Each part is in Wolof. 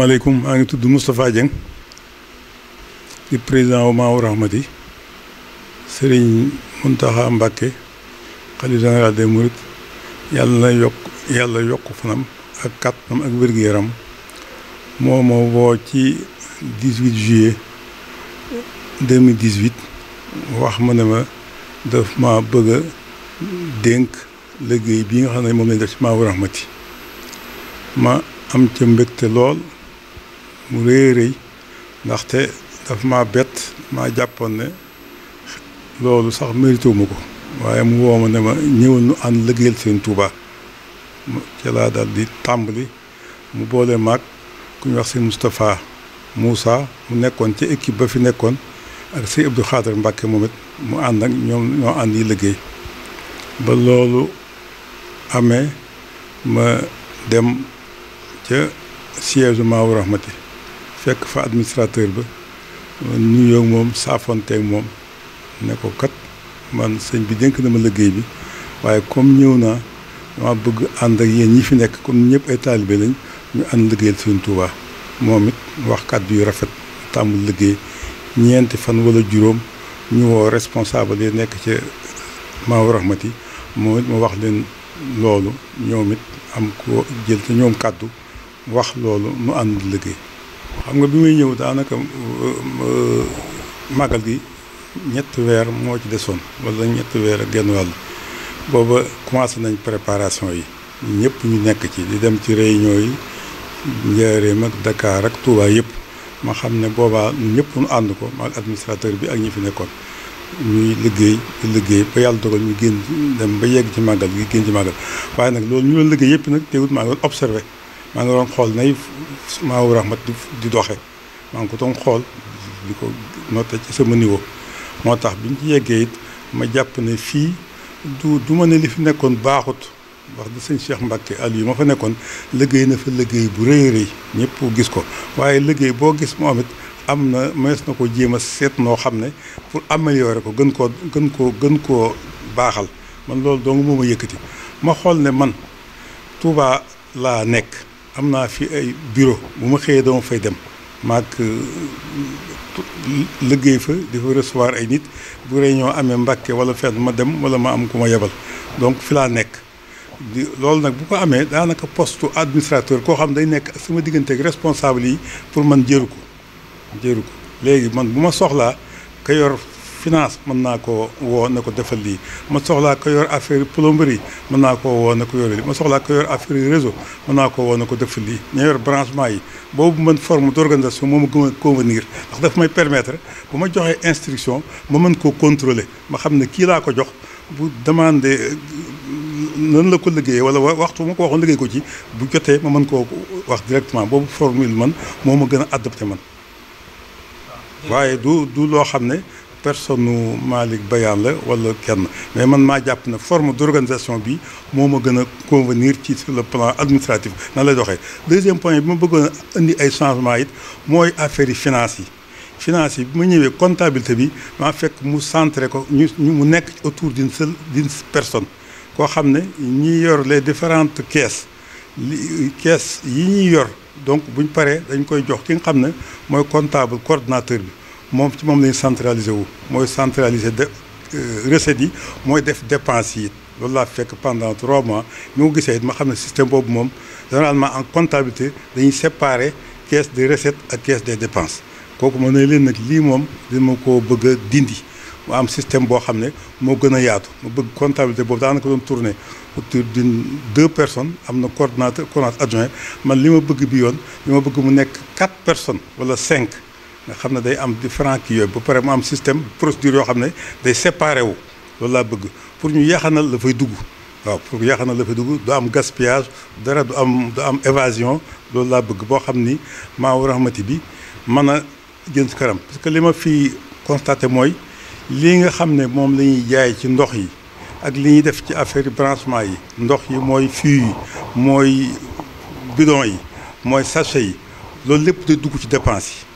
عليكم أنا تود مصطفى جن دي بريزان وما هو رحمتي سرين منتهى مبكى خلي جنرال ديمورت يلا يوك يلا يوك فنام أكاد نام أكبر جيرام مو مو بوتي 18 جي 2018 واخما نما داف ما بغا دينك لغي بيغا خاني مومن داف ما هو رحمتي ما أمتي مبكت لول mu rëy rëy ndaxte daf ma bett maa jàppoon ne loolu sax mérité ma ko waaye mu woo ma ne ma ñëwal nu ànd liggéeyal seen Touba ca laa dal di tàmbali mu boole mag ku ñu wax si Moustapha Moussa mu nekkoon ca équipe ba fi nekkoon ak si Abdou Khader Mbacke moom mu ànd ak ñoom ñoo ànd yi liggéey ba loolu amee ma dem ca siège Maou Rahmati fekk fa administrateur ba nuyoo moom saafonteeg moom ne ko kat man sëñ bi dénk na ma liggéey bi waaye comme ñëw naa dama bëgg ànd ak yéen ñi fi nekk comme ñëpp ay taalibe lañ ñu ànd liggéeyal suñu Tuubaa moom it wax kàddu yu rafet tàmbul liggéey ñeenti fan wala juróom ñu woo responsable yi nekk ci Maawu Rahmati moom it ma wax leen loolu ñoom it am ko jël te ñoom kàddu wax loolu nu ànd liggéey xam nga bi muy ñëw daanaka euh, euh, màggal gi ñetti weer moo ci desoon wala ñetti weer ak genn wàll booba commencé nañ préparation yi ñëpp ñu nekk ci di dem ci réunion yi Njaaréem ak Dakar ak Touba yëpp ma xam ne boobaa ñëpp ñu ànd ko ak administrateur bi ak ñi fi nekkoon ñuy liggéey di liggéey ba yàlla dogal ñu génn dem ba yegg ci màggal gi génn ci màggal waaye nag loolu ñu la liggéey yëpp nag teewut maa ngi observé maa ngi doon xool nay a Rahmat di doxe maa ngi ko doon xool di ko noté ci sama niveau moo tax bi ñu ci yeggee it ma jàpp ne fii du du ma ne li fi nekkoon baaxut wax di sëñ Cheikh Mbacke Aliou ma fa nekkoon liggéey na fa liggéey bu rëy rëy ñëpp gis ko waaye liggéey boo gis moom it am na mees na ko jéem a seet noo xam ne pour améliorer ko gën koo gën koo gën koo baaxal man loolu dong moo ma yëkkati ma xool ne man Touba laa nekk. am naa fi ay bureau bu ma xëyee dama fay dem maag euh, liggéey fa di fa recevoir ay nit bu réunion amee mbàkke wala feet ma dem wala ma am ku ma yebal donc fi laa nekk loolu nag bu ko amee daanaka postu administrateur koo xam day nekk sama digganteek ak responsable yi pour man jëru ko jëru ko léegi man bu ma soxlaa ka finance mën naa ko woo na ko defal lii ma soxlaa ko yor affaire plomberie mën naa ko woo na ko yor lii ma soxla ko yor affaire réseau mën naa ko woon na ko defal lii ña yor branchement yi boobu man forme d'organisation moo ma gën a convenir ndax daf may permettre bu ma joxee instruction ma mën koo contrôler ma xam ne kii laa ko jox bu demandé nan la ko liggéeyee wala waxtu ma ko waxoon liggéey ko ci bu jotee ma mën koo wax directement boobu formule man moo ma gën a adopté man ah. waaye du du loo xam ne personne Malik Bayane la wala kenn mais man maa jàpp ne forme d'organisation bi moo convenir ci sur le plan administratif nan lay doxee deuxième point bi ma bëggoon indi ay changements it mooy affaire financière, financière, yi finance yi bi ma comptabilité bi maa fekk mu centré ko ñu mu nekk autour d'une seule d'une personne Quoi xam il ñi a les différentes caisses les caisses il y a donc buñ paree dañ koy jox ki nga comptable coordinateur bi mon ci moment lañ centralisé wu mooy centralisé de euh, recettes yi mooy def dépenses yi loolu laa fekk pendant trois mois ñu qui gisee ma système boobu moom généralement en comptabilité dañuy séparer caisse de recettes à caisse des dépenses donc mon ne leen nag lii moom dina ma bëgg dindi mu am système boo xam ne moo gën a yaatu ma bëgg comptabilité boobu daanaka doon tourné autour d'une deux personnes am coordinateur coordinateur adjoint man li ma bëgg bi yoon li bëgg mu nekk quatre personnes wala cinq nga xam ne day am différent kii yooyu ba pare mu am système procédure yoo xam ne day séparé wu loolu laa bëgg pour ñu yaxanal la fay dugg waaw pour yaxanal la fay dugg du am gaspillage dara du am du am évasion loolu laa bëgg boo xam ni Maou Rahmati bi mën a jëm si parce que li ma fi constaté mooy lii nga xam ne moom la ñuy jaay ci ndox yi ak li ñuy def ci affaire branchement yi ndox yi mooy fût yi mooy bidon yi mooy sachet yi loolu lépp day dugg ci dépenses yi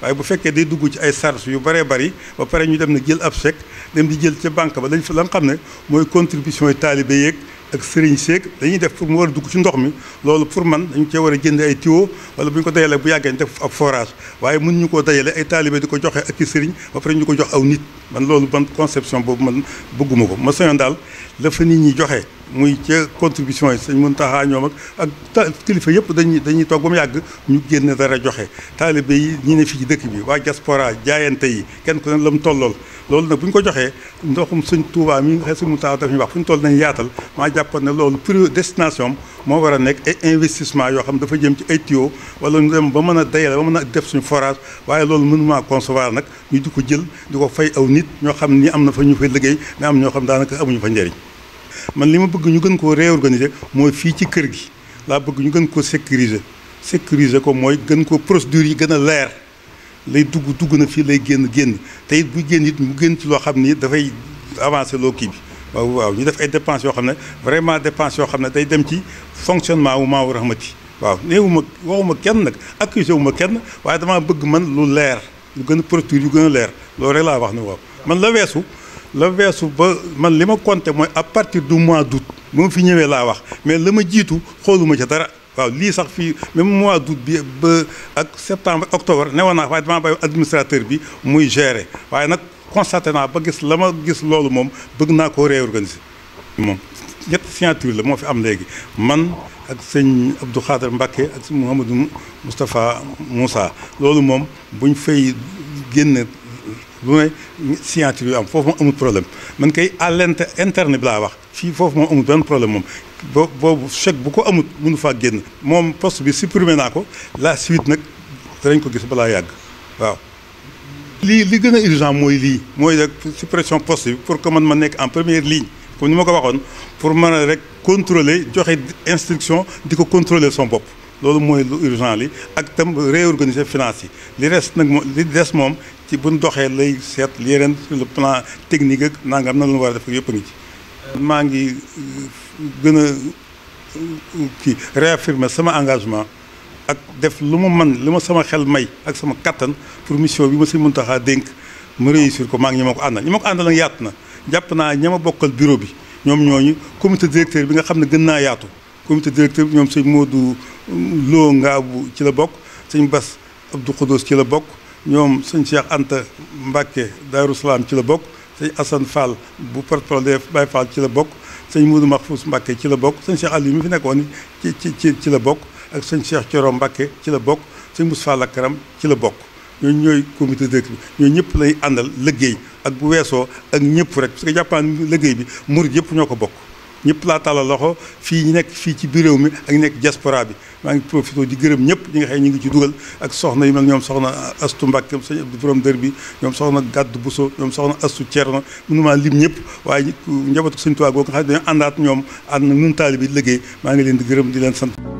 waaye bu fekkee day dugg ci ay charges yu bëree bari ba pare ñu dem na jël ab chèque dem di jël ca banque ba lañ fa la xam ne mooy contribution yi taalibe yeeg ak sëriñ seeg dañuy def pour mu war a dugg ci ndox mi loolu pour man dañu cee war a jënd ay tuyau wala bu ñu ko dajalee bu yàggee ñu def ab forage waaye mun ñu koo dajale ay taalibe di ko joxe ak i sëriñ ba pare ñu ko jox aw nit man loolu ban conception boobu man bëgguma ko ma sañoon daal la fa nit ñi joxe muy ca contribution yi Sëriñ Muntaxa ñoom ak ak kilifa yëpp dañuy dañuy toog ba mu yàgg ñu génn dara joxe taalibe yi ñi ne fii ci dëkk bi waa diaspora jaayante yi kenn ku ne la mu tollool loolu nag bu ñu ko joxee ndoxum suñ Touba mi nga xam ne sëñ daf ñu wax fu ñu toll nañ yaatal maa jàppoon ne loolu pour destination moo war a nekk ay investissement yoo xam dafa jëm ci ay tuyaux wala ñu dem ba mën a dayale ba mën a def suñu forage waaye loolu mënuma concevoir nag ñu di ko jël di ko fay aw nit ñoo xam ni am na fa ñu fay liggéey mais am ñoo xam daanaka amuñu fa njariñ man li ma bëgg ñu gën koo réorganiser mooy fii ci kër gi laa bëgg ñu gën koo sécuriser sécuriser ko mooy gën ko procédure yi gën a leer Les deux dugg na fi lay tay bu nit mu ci avancer lo waaw ñu def ay dépenses vraiment dépenses fonctionnement wu Rahmati waaw neewuma waxuma kenn nak accusé kenn waaye dama bëgg man lu leer lu gën gën leer rek la wax waaw man la wessu la wessu ba man à partir du mois d'août nous finir fi ñëwé la wax mais lama jitu xoluma ci waaw lii sax fii même mois d'août bi ba ak septembre octobre newoon naa waaye damaa bàyyi administrateur bi muy gérer waaye nag constaté naa ba gis la ma gis loolu moom bëgg naa koo réorganiser moom ñetti signature la moo fi am léegi man ak sëñ Abdou Khader Mbacke ak sëñ Mouhamadou Moustapha Moussa loolu moom buñ fay génn lu ne signature yu am foofu moom amul problème man koy à l'interne bi laa wax fii foofu moom amul benn problème moom ba boobu chèque bu ko amut mënu fa génn mom poste bi supprimé naa ko la suite nak dañ ko gis bala yag waaw. li li gëna urgent moy li moy rek suppression poste bi pour que man ma nek en première ligne comme ni ma ko waxoon pour mën rek contrôler joxe instruction diko contrôler son bop lolu moy lu urgent li ak tam réorganiser finance yi li reste nak li dess mom ci buñ doxé lay sét li yeneen sur le plan technique ak nangam na lu war def ak yëpp ngi ci. maa ngi euh, gën a euh, kii réaffirmer sama engagement ak def lu ma man li ma sama xel may ak sama kattan pour mission bi ma mun Muntaxa dénk ma réussir ko maa ngi ñi ma ko àndal ñi ma ko àndal yaatu na jàpp naa ña ma bokkal bureau bi ñoom ñooñu comité directeur bi nga xam ne gën naa yaatu comité directeur bi ñoom sëñ Modou euh, Lo Ngaabu ci la bokk sëñ Bas Abdou Khoudous ci la bokk ñoom sëñ Cheikh Anta Mbacke Daaru Salaam ci la bokk sëñ Assane Fall bu porte-parole Baye Fall ci la bokk sëñ Moudou Mahfous Mbacké ci la bokk sëñ Cheikh Aliou mi fi nekkoon ci ci ci la bokk ak sëñ Cheikh Thioro Mbacké ci la bokk sëñ Moussa karam ci la bokk ñooñu ñooy comité directeur bi ñooñu ñëpp lay àndal liggéey ak bu weesoo ak ñëpp rek parce que jàppaan liggéey bi murid yëpp ñoo ko bokk ñëpp laa tàllal loxo fii ñu nekk fii ci biir réew mi ak nekk diaspora bi maa ngi profité di gërëm ñëpp ñi nga xam ñu ngi ci dugal ak soxna yi ñoom soxna astu Mbàkke sëñ Abdou borom dër bi ñoom soxna Gàddu Buso ñoom soxna astu Cerno mënumaa lim ñëpp waaye njabootu sëñ Tuubaa googu nga xam ne dañoo àndaat ñoom ànd na nun taalibe bi liggéey maa ngi leen di gërëm di leen sant